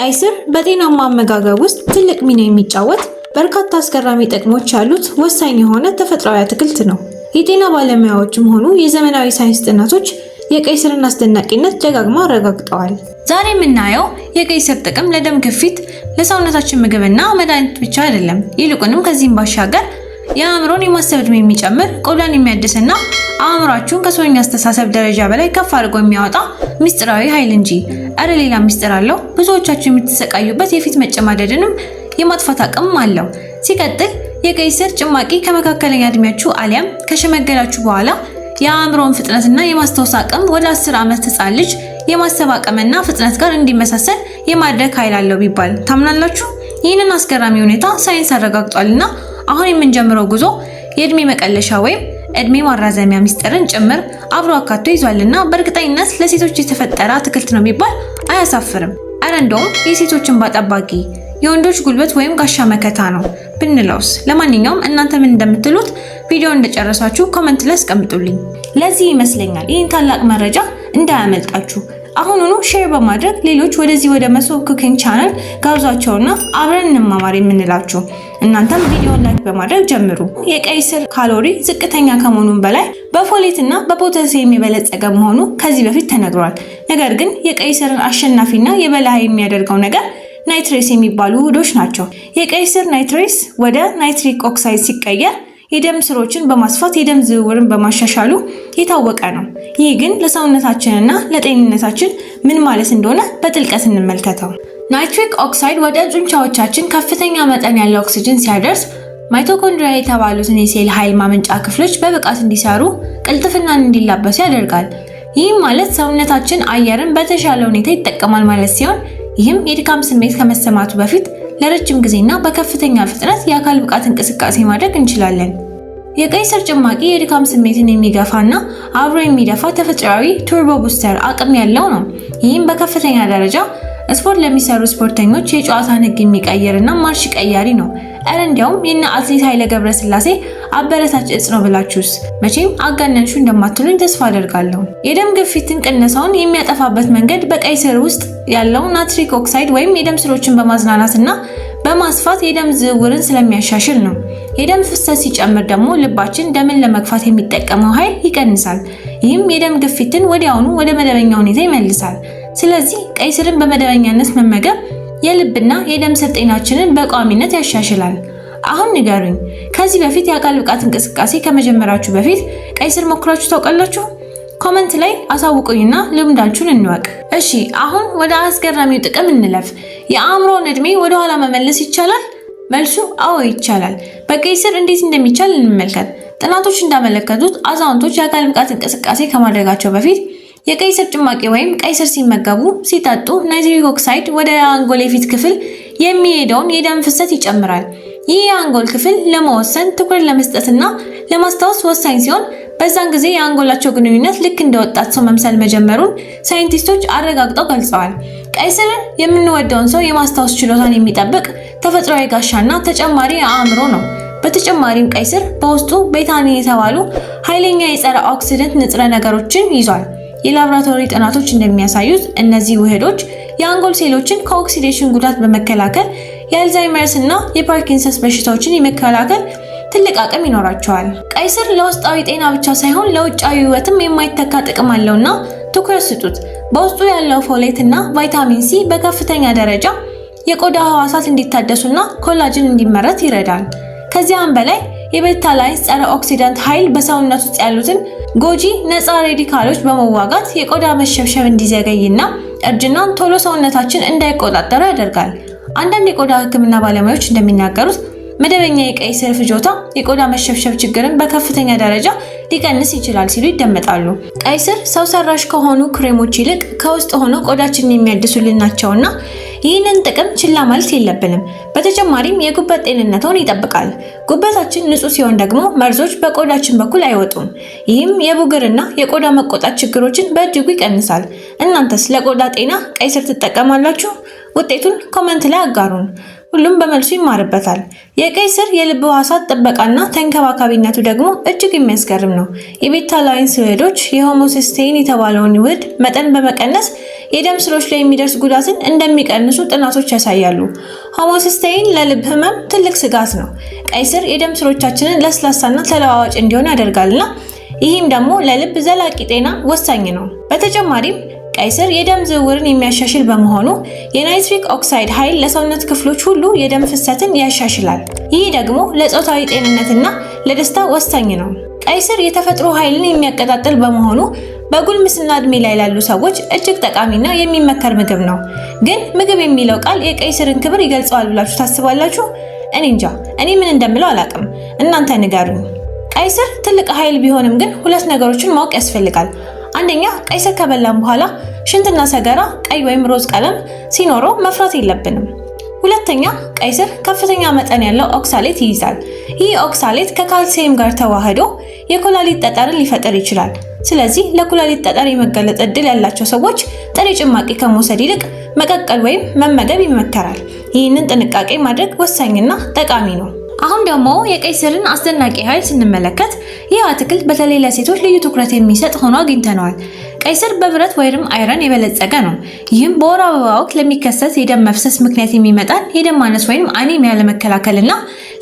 ቀይ ስር በጤናማ አመጋገብ ውስጥ ትልቅ ሚና የሚጫወት በርካታ አስገራሚ ጥቅሞች ያሉት ወሳኝ የሆነ ተፈጥሯዊ አትክልት ነው። የጤና ባለሙያዎችም ሆኑ የዘመናዊ ሳይንስ ጥናቶች የቀይ ስርን አስደናቂነት ደጋግመው አረጋግጠዋል። ዛሬ የምናየው የቀይ ስር ጥቅም ለደም ግፊት፣ ለሰውነታችን ምግብና መድኃኒት ብቻ አይደለም። ይልቁንም ከዚህም ባሻገር የአእምሮን የማሰብ ዕድሜ የሚጨምር ቆዳን የሚያድስና አእምሯችሁን ከሰውኛ አስተሳሰብ ደረጃ በላይ ከፍ አድርጎ የሚያወጣ ሚስጥራዊ ኃይል እንጂ እረ ሌላ ሚስጥር አለው። ብዙዎቻችሁ የምትሰቃዩበት የፊት መጨማደድንም የማጥፋት አቅም አለው። ሲቀጥል የቀይ ስር ጭማቂ ከመካከለኛ እድሜያችሁ አሊያም ከሸመገላችሁ በኋላ የአእምሮን ፍጥነትና የማስታወስ አቅም ወደ አስር ዓመት ህፃን ልጅ የማሰብ አቅምና ፍጥነት ጋር እንዲመሳሰል የማድረግ ኃይል አለው ቢባል ታምናላችሁ? ይህንን አስገራሚ ሁኔታ ሳይንስ አረጋግጧልና አሁን የምንጀምረው ጉዞ የእድሜ መቀለሻ ወይም እድሜ ማራዘሚያ ሚስጥርን ጭምር አብሮ አካቶ ይዟልና በእርግጠኝነት ለሴቶች የተፈጠረ አትክልት ነው የሚባል አያሳፍርም። አረ እንደውም የሴቶችን ባጠባቂ የወንዶች ጉልበት ወይም ጋሻ መከታ ነው ብንለውስ? ለማንኛውም እናንተ ምን እንደምትሉት ቪዲዮ እንደጨረሳችሁ ኮመንት ላይ አስቀምጡልኝ። ለዚህ ይመስለኛል ይህን ታላቅ መረጃ እንዳያመልጣችሁ አሁኑኑ ሼር በማድረግ ሌሎች ወደዚህ ወደ መሶብ ኩኪንግ ቻናል ጋብዟቸውና አብረን እንማማር የምንላችሁ እናንተም ቪዲዮን ላይክ በማድረግ ጀምሩ። የቀይ ስር ካሎሪ ዝቅተኛ ከመሆኑም በላይ በፎሌት እና በፖታሲየም የበለጸገ መሆኑ ከዚህ በፊት ተነግሯል። ነገር ግን የቀይ ስርን አሸናፊና የበላይ የሚያደርገው ነገር ናይትሬስ የሚባሉ ውህዶች ናቸው። የቀይ ስር ናይትሬስ ወደ ናይትሪክ ኦክሳይድ ሲቀየር የደም ስሮችን በማስፋት የደም ዝውውርን በማሻሻሉ የታወቀ ነው። ይህ ግን ለሰውነታችንና ለጤንነታችን ምን ማለት እንደሆነ በጥልቀት እንመልከተው። ናይትሪክ ኦክሳይድ ወደ ጡንቻዎቻችን ከፍተኛ መጠን ያለው ኦክሲጅን ሲያደርስ ማይቶኮንድሪያ የተባሉትን የሴል ኃይል ማመንጫ ክፍሎች በብቃት እንዲሰሩ፣ ቅልጥፍናን እንዲላበሱ ያደርጋል። ይህም ማለት ሰውነታችን አየርን በተሻለ ሁኔታ ይጠቀማል ማለት ሲሆን ይህም የድካም ስሜት ከመሰማቱ በፊት ለረጅም ጊዜና በከፍተኛ ፍጥነት የአካል ብቃት እንቅስቃሴ ማድረግ እንችላለን። የቀይ ስር ጭማቂ የድካም ስሜትን የሚገፋና አብሮ የሚደፋ ተፈጥሯዊ ቱርቦ ቡስተር አቅም ያለው ነው። ይህም በከፍተኛ ደረጃ ስፖርት ለሚሰሩ ስፖርተኞች የጨዋታን ህግ እና ማርሽ ቀያሪ ነው። እረ እንዲያውም የነ አትሌት ኃይለ ገብረስላሴ አበረታች እጽ ነው ብላችሁስ መቼም አጋነንሹ እንደማትሉኝ ተስፋ አደርጋለሁ። የደም ግፊትን ቅነሳውን የሚያጠፋበት መንገድ በቀይ ስር ውስጥ ያለው ናትሪክ ኦክሳይድ ወይም የደም ስሮችን በማዝናናት እና በማስፋት የደም ዝውውርን ስለሚያሻሽል ነው። የደም ፍሰት ሲጨምር ደግሞ ልባችን ደምን ለመግፋት የሚጠቀመው ኃይል ይቀንሳል። ይህም የደም ግፊትን ወዲያውኑ ወደ መደበኛ ሁኔታ ይመልሳል። ስለዚህ ቀይ ስርን በመደበኛነት መመገብ የልብና የደም ስር ጤናችንን በቋሚነት ያሻሽላል። አሁን ንገሩኝ፣ ከዚህ በፊት የአካል ብቃት እንቅስቃሴ ከመጀመራችሁ በፊት ቀይ ስር ሞክራችሁ ታውቃላችሁ? ኮመንት ላይ አሳውቁኝና ልምዳችሁን እንወቅ። እሺ፣ አሁን ወደ አስገራሚው ጥቅም እንለፍ። የአእምሮን ዕድሜ ወደኋላ መመለስ ይቻላል? መልሱ አዎ ይቻላል። በቀይ ስር እንዴት እንደሚቻል እንመልከት። ጥናቶች እንዳመለከቱት አዛውንቶች የአካል ብቃት እንቅስቃሴ ከማድረጋቸው በፊት የቀይ ስር ጭማቂ ወይም ቀይ ስር ሲመገቡ ሲጠጡ ናይትሪክ ኦክሳይድ ወደ አንጎል የፊት ክፍል የሚሄደውን የደም ፍሰት ይጨምራል። ይህ የአንጎል ክፍል ለመወሰን ትኩረት ለመስጠትና ለማስታወስ ወሳኝ ሲሆን በዛን ጊዜ የአንጎላቸው ግንኙነት ልክ እንደ ወጣት ሰው መምሰል መጀመሩን ሳይንቲስቶች አረጋግጠው ገልጸዋል። ቀይ ስር የምንወደውን ሰው የማስታወስ ችሎታን የሚጠብቅ ተፈጥሯዊ ጋሻና ተጨማሪ አእምሮ ነው። በተጨማሪም ቀይ ስር በውስጡ ቤታኒን የተባሉ ኃይለኛ የጸረ ኦክሲደንት ንጥረ ነገሮችን ይዟል። የላብራቶሪ ጥናቶች እንደሚያሳዩት እነዚህ ውህዶች የአንጎል ሴሎችን ከኦክሲዴሽን ጉዳት በመከላከል የአልዛይመርስ እና የፓርኪንሰንስ በሽታዎችን የመከላከል ትልቅ አቅም ይኖራቸዋል። ቀይ ስር ለውስጣዊ ጤና ብቻ ሳይሆን ለውጫዊ ውበትም የማይተካ ጥቅም አለውና ትኩረት ስጡት። በውስጡ ያለው ፎሌት እና ቫይታሚን ሲ በከፍተኛ ደረጃ የቆዳ ህዋሳት እንዲታደሱና ኮላጅን እንዲመረት ይረዳል። ከዚያም በላይ የቤታላይንስ ጸረ ኦክሲዳንት ኃይል በሰውነት ውስጥ ያሉትን ጎጂ ነፃ ሬዲካሎች በመዋጋት የቆዳ መሸብሸብ እንዲዘገይና እርጅናን ቶሎ ሰውነታችን እንዳይቆጣጠረ ያደርጋል። አንዳንድ የቆዳ ሕክምና ባለሙያዎች እንደሚናገሩት መደበኛ የቀይ ስር ፍጆታ የቆዳ መሸብሸብ ችግርን በከፍተኛ ደረጃ ሊቀንስ ይችላል ሲሉ ይደመጣሉ። ቀይ ስር ሰው ሰራሽ ከሆኑ ክሬሞች ይልቅ ከውስጥ ሆኖ ቆዳችንን የሚያድሱልን ናቸውና ይህንን ጥቅም ችላ ማለት የለብንም። በተጨማሪም የጉበት ጤንነትን ይጠብቃል። ጉበታችን ንጹህ ሲሆን ደግሞ መርዞች በቆዳችን በኩል አይወጡም። ይህም የቡግርና የቆዳ መቆጣት ችግሮችን በእጅጉ ይቀንሳል። እናንተስ ለቆዳ ጤና ቀይ ስር ትጠቀማላችሁ? ውጤቱን ኮመንት ላይ አጋሩን። ሁሉም በመልሱ ይማርበታል። የቀይ ስር የልብ ሕዋሳት ጥበቃና ተንከባካቢነቱ ደግሞ እጅግ የሚያስገርም ነው። የቤታላይን ስውህዶች የሆሞሲስቴን የተባለውን ውህድ መጠን በመቀነስ የደም ስሮች ላይ የሚደርስ ጉዳትን እንደሚቀንሱ ጥናቶች ያሳያሉ። ሆሞሲስቴን ለልብ ህመም ትልቅ ስጋት ነው። ቀይ ስር የደም ስሮቻችንን ለስላሳና ተለዋዋጭ እንዲሆን ያደርጋልና ይህም ደግሞ ለልብ ዘላቂ ጤና ወሳኝ ነው። በተጨማሪም ቀይ ስር የደም ዝውውርን የሚያሻሽል በመሆኑ የናይትሪክ ኦክሳይድ ኃይል ለሰውነት ክፍሎች ሁሉ የደም ፍሰትን ያሻሽላል። ይህ ደግሞ ለጾታዊ ጤንነትና ለደስታ ወሳኝ ነው። ቀይ ስር የተፈጥሮ ኃይልን የሚያቀጣጥል በመሆኑ በጉልምስና እድሜ ላይ ላሉ ሰዎች እጅግ ጠቃሚና የሚመከር ምግብ ነው። ግን ምግብ የሚለው ቃል የቀይ ስርን ክብር ይገልጸዋል ብላችሁ ታስባላችሁ? እኔ እንጃ። እኔ ምን እንደምለው አላውቅም። እናንተ ንገሩኝ። ቀይ ስር ትልቅ ኃይል ቢሆንም ግን ሁለት ነገሮችን ማወቅ ያስፈልጋል። አንደኛ ቀይ ስር ከበላን በኋላ ሽንትና ሰገራ ቀይ ወይም ሮዝ ቀለም ሲኖረው መፍራት የለብንም። ሁለተኛ ቀይ ስር ከፍተኛ መጠን ያለው ኦክሳሌት ይይዛል። ይህ ኦክሳሌት ከካልሲየም ጋር ተዋህዶ የኩላሊት ጠጠርን ሊፈጥር ይችላል። ስለዚህ ለኩላሊት ጠጠር የመጋለጥ እድል ያላቸው ሰዎች ጥሬ ጭማቂ ከመውሰድ ይልቅ መቀቀል ወይም መመገብ ይመከራል። ይህንን ጥንቃቄ ማድረግ ወሳኝና ጠቃሚ ነው። አሁን ደግሞ የቀይ ስርን አስደናቂ ኃይል ስንመለከት ይህ አትክልት በተለይ ለሴቶች ልዩ ትኩረት የሚሰጥ ሆኖ አግኝተነዋል። ቀይ ስር በብረት ወይም አይረን የበለጸገ ነው። ይህም በወር አበባ ወቅት ለሚከሰት የደም መፍሰስ ምክንያት የሚመጣን የደም ማነስ ወይም አኒሚያ ለመከላከልና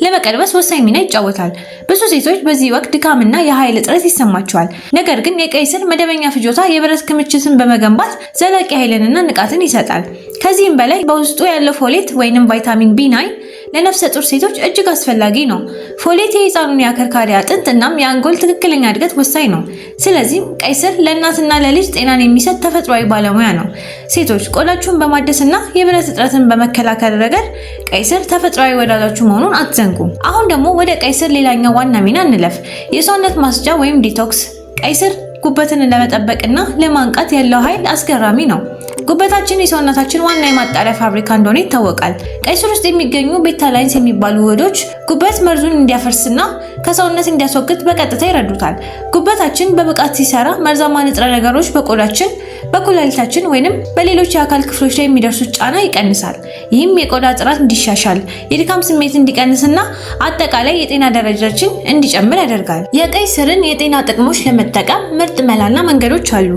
ለመቀልበስ ወሳኝ ሚና ይጫወታል። ብዙ ሴቶች በዚህ ወቅት ድካምና የኃይል እጥረት ይሰማቸዋል። ነገር ግን የቀይ ስር መደበኛ ፍጆታ የብረት ክምችትን በመገንባት ዘላቂ ኃይልንና ንቃትን ይሰጣል። ከዚህም በላይ በውስጡ ያለው ፎሌት ወይንም ቫይታሚን ቢ9 ለነፍሰ ጡር ሴቶች እጅግ አስፈላጊ ነው። ፎሌት የህፃኑን የአከርካሪ አጥንት እናም የአንጎል ትክክለኛ እድገት ወሳኝ ነው። ስለዚህም ቀይ ስር ለእናትና ለልጅ ጤናን የሚሰጥ ተፈጥሯዊ ባለሙያ ነው። ሴቶች ቆዳችሁን በማደስና የብረት እጥረትን በመከላከል ረገድ ቀይ ስር ተፈጥሯዊ ወዳጃችሁ መሆኑን አትዘንጉ። አሁን ደግሞ ወደ ቀይ ስር ሌላኛው ዋና ሚና እንለፍ፣ የሰውነት ማስጫ ወይም ዲቶክስ። ቀይ ስር ጉበትን ለመጠበቅና ለማንቃት ያለው ኃይል አስገራሚ ነው። ጉበታችን የሰውነታችን ዋና የማጣሪያ ፋብሪካ እንደሆነ ይታወቃል። ቀይ ስር ውስጥ የሚገኙ ቤታላይንስ የሚባሉ ውህዶች ጉበት መርዙን እንዲያፈርስና ከሰውነት እንዲያስወግድ በቀጥታ ይረዱታል። ጉበታችን በብቃት ሲሰራ መርዛማ ንጥረ ነገሮች በቆዳችን በኩላሊታችን ወይንም በሌሎች የአካል ክፍሎች ላይ የሚደርሱት ጫና ይቀንሳል። ይህም የቆዳ ጥራት እንዲሻሻል፣ የድካም ስሜት እንዲቀንስና አጠቃላይ የጤና ደረጃችን እንዲጨምር ያደርጋል። የቀይ ስርን የጤና ጥቅሞች ለመጠቀም ምርጥ መላና መንገዶች አሉ።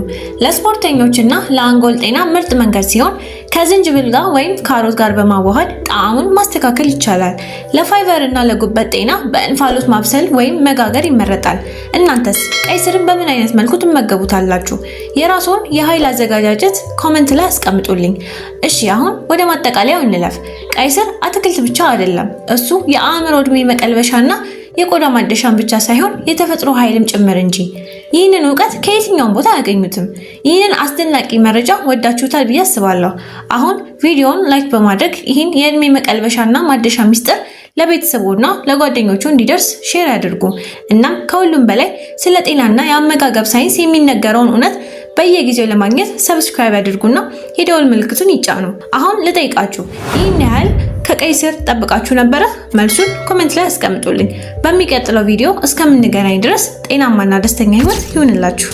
ለስፖርተኞችና ለአንጎል ጤና ምርጥ መንገድ ሲሆን ከዝንጅብል ጋር ወይም ካሮት ጋር በማዋሃድ ጣዕሙን ማስተካከል ይቻላል። ለፋይበር እና ለጉበት ጤና በእንፋሎት ማብሰል ወይም መጋገር ይመረጣል። እናንተስ ቀይ ስርን በምን አይነት መልኩ ትመገቡታላችሁ? የራስዎን የኃይል አዘጋጃጀት ኮመንት ላይ አስቀምጡልኝ። እሺ አሁን ወደ ማጠቃለያው እንለፍ። ቀይ ስር አትክልት ብቻ አይደለም። እሱ የአእምሮ እድሜ መቀልበሻና የቆዳ ማደሻን ብቻ ሳይሆን የተፈጥሮ ኃይልም ጭምር እንጂ። ይህንን እውቀት ከየትኛውም ቦታ አያገኙትም። ይህንን አስደናቂ መረጃ ወዳችሁታል ብዬ አስባለሁ። አሁን ቪዲዮውን ላይክ በማድረግ ይህን የእድሜ መቀልበሻና ማደሻ ሚስጥር ለቤተሰቡና ለጓደኞቹ እንዲደርስ ሼር ያድርጉ። እናም ከሁሉም በላይ ስለ ጤናና የአመጋገብ ሳይንስ የሚነገረውን እውነት በየጊዜው ለማግኘት ሰብስክራይብ ያድርጉና የደወል ምልክቱን ይጫኑ። አሁን ልጠይቃችሁ ይህን ያህል ከቀይ ስር ጠብቃችሁ ነበረ? መልሱን ኮሜንት ላይ አስቀምጡልኝ። በሚቀጥለው ቪዲዮ እስከምንገናኝ ድረስ ጤናማና ደስተኛ ህይወት ይሁንላችሁ።